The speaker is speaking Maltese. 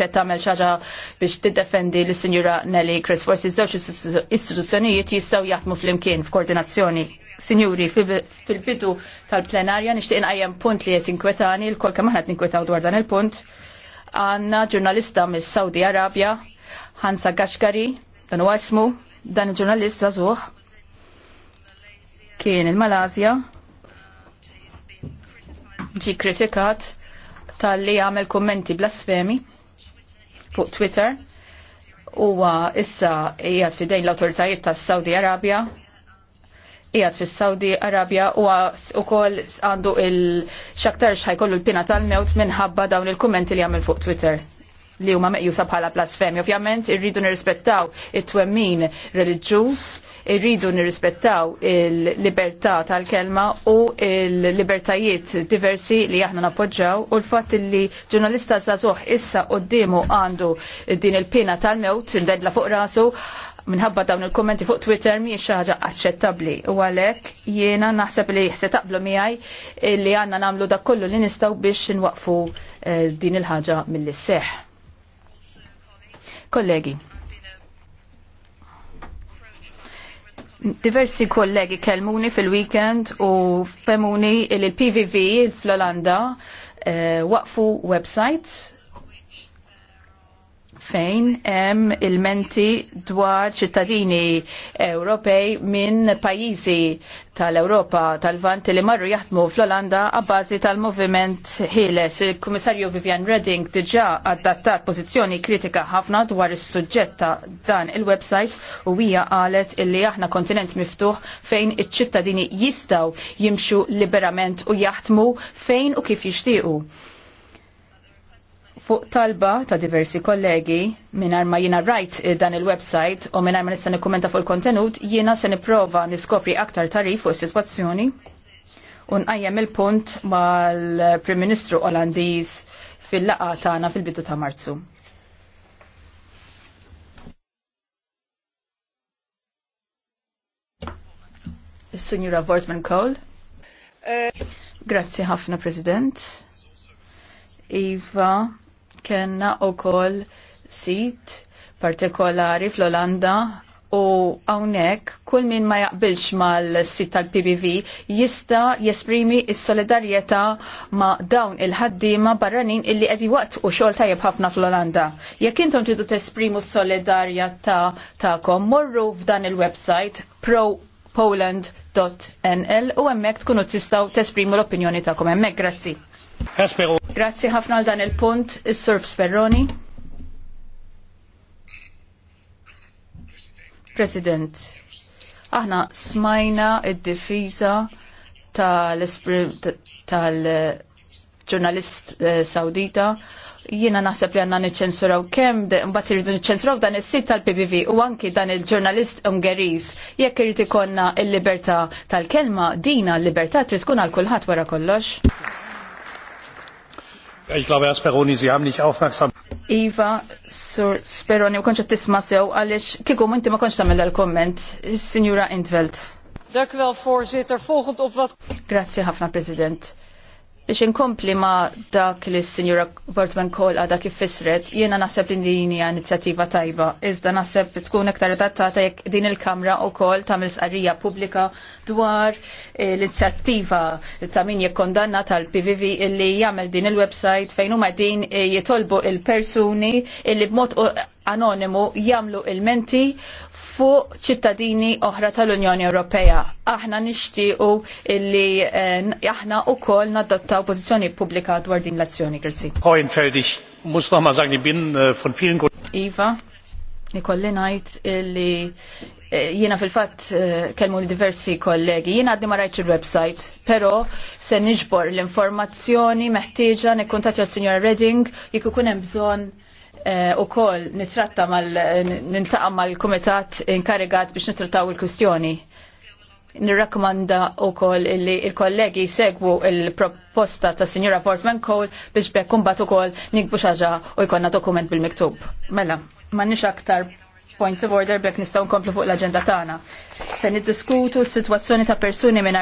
ċed tagħmel xi ħaġa biex tiddefendi l sinjura Nelly Chris. Forsi żewġ istituzzjonijiet jistgħu jaħdmu flimkien f'koordinazzjoni. Sinjuri, fil-bidu tal-plenarja nixtieq inqajjem punt li qed inkwetani, l-kol kemm tinkwetaw dwar dan il-punt. Għanna ġurnalista mis-Saudi Arabja, Hansa Gashkari, dan huwa ismu, dan il ġurnalista żagħżugħ kien il-Malazja ġi kritikat tal-li għamel kommenti blasfemi fuq Twitter huwa issa qiegħed fidejn l-awtoritajiet tas-Saudi Arabja qiegħed fis-Saudi Arabja u wkoll għandu il-xaktarx kollu l-pina tal-mewt minħabba dawn il-kummenti li jagħmel fuq Twitter li huma meqjusa bħala blasfemi. Ovvjament irridu nirrispettaw it-twemmin reliġjuż irridu nirrispettaw il-libertà tal-kelma u il-libertajiet diversi li aħna napoġġaw u l-fatt li ġurnalista Zazuħ issa qoddimu għandu din il-pina tal-mewt ndedla fuq rasu minħabba dawn il-kommenti fuq Twitter mi xaħġa aċċettabli u għalek jiena naħseb li jħse taqblu miħaj li għanna namlu da kollu li nistaw biex nwaqfu eh, din il-ħagġa mill-seħ. Kollegi. Diversi kollegi kelmuni fil-weekend u femuni il-PVV fl-Olanda eh, waqfu websites fejn hemm il-menti dwar ċittadini Ewropej minn pajjiżi tal-Ewropa tal-Vant li marru jaħdmu fl-Olanda għabbażi tal-moviment ħieles. Il-Kummissarju Vivian Redding diġà adattat pożizzjoni kritika ħafna dwar is-suġġett ta' dan il-website u hija qalet illi aħna kontinent miftuħ fejn iċ-ċittadini jistgħu jimxu liberament u jaħdmu fejn u kif jixtiequ fuq talba ta' diversi kollegi minar ma jina rajt eh, dan il-website u minar ma nistan nikkumenta fuq il-kontenut jina se niprofa niskopri aktar tarif fuq is-sitwazzjoni u nqajjem il-punt mal-Prim Ministru Olandiż fil-laqa tagħna fil-bidu ta' Marzu. Is-Sinjura Vortman Cole. Eh. Grazzi ħafna, President. Iva, kena u koll sit partikolari fl-Olanda u għawnek kull min ma jaqbilx mal-sit tal-PBV jista jesprimi is solidarjetà ma dawn il-ħaddima barranin illi għedi waqt u xol tajjeb ħafna fl-Olanda. Jekk intom tridu tesprimu s-solidarjetà tagħkom morru f'dan il-website propoland.nl u hemmhekk tkunu tistaw tesprimu l-opinjoni tagħkom. Emmek, grazzi. Grazzi ħafna għal dan il-punt, is-Sur Sperroni. President, aħna smajna id-difiża tal-ġurnalist eh, Sawdita jiena naħseb li għanna niċensuraw kem, mbagħad irridu niċensuraw dan is-sit tal-PBV u anki dan il-ġurnalist Ungeriż. Jekk irid ikollna l-libertà tal-kelma, dina l-libertà trid tkun għal kulħadd wara kollox. Ich glaube, Herr Speroni, Sie haben nicht aufmerksam. Iva, Sur Speroni, u konċa tisma sew, għalix kiku inti ma konċ tamilla l-komment, Signora Intveld. Dank u wel, voorzitter. Volgend op wat... Grazie, Hafna, President biex inkompli ma dak li s-Sinjura Vortman Kol għada kif fisret, jiena naħseb li din hija inizjattiva tajba. Iżda naħseb li tkun iktar adattata jekk din il-Kamra wkoll tagħmel sqarrija pubblika dwar eh, l-inizjattiva ta' min jikkondanna tal-PVV illi jagħmel din il-website fejn huma din eh, jitolbu il-persuni illi b'mod eh, anonimu jagħmlu ilmenti fuq ċittadini oħra tal-Unjoni Ewropea. Aħna nixtiequ illi eh, aħna wkoll nadottaw pożizzjoni pubblika dwar din l-azzjoni. Grazzi. Äh, iva, nikolli ngħid illi eh, jiena fil-fatt eh, kelmu diversi kollegi, jiena għaddi ma rajtx il-website, pero se nġbor l-informazzjoni meħtieġa nikkuntatja s-Sinjora Redding jekk ikun hemm bżonn Eh, u kol nitratta mal nintaqa mal-komitat inkarigat biex nitrattaw il-kustjoni. Nirrakkomanda u kol illi il-kollegi segwu il-proposta ta' Signora Portman Cole biex bekkun bat u kol nikbu xaġa u jkonna dokument bil-miktub. Mela, ma' nix aktar points of order bekk nistaw nkomplu fuq l-agenda tagħna. Se niddiskutu s-sitwazzjoni ta' persuni minn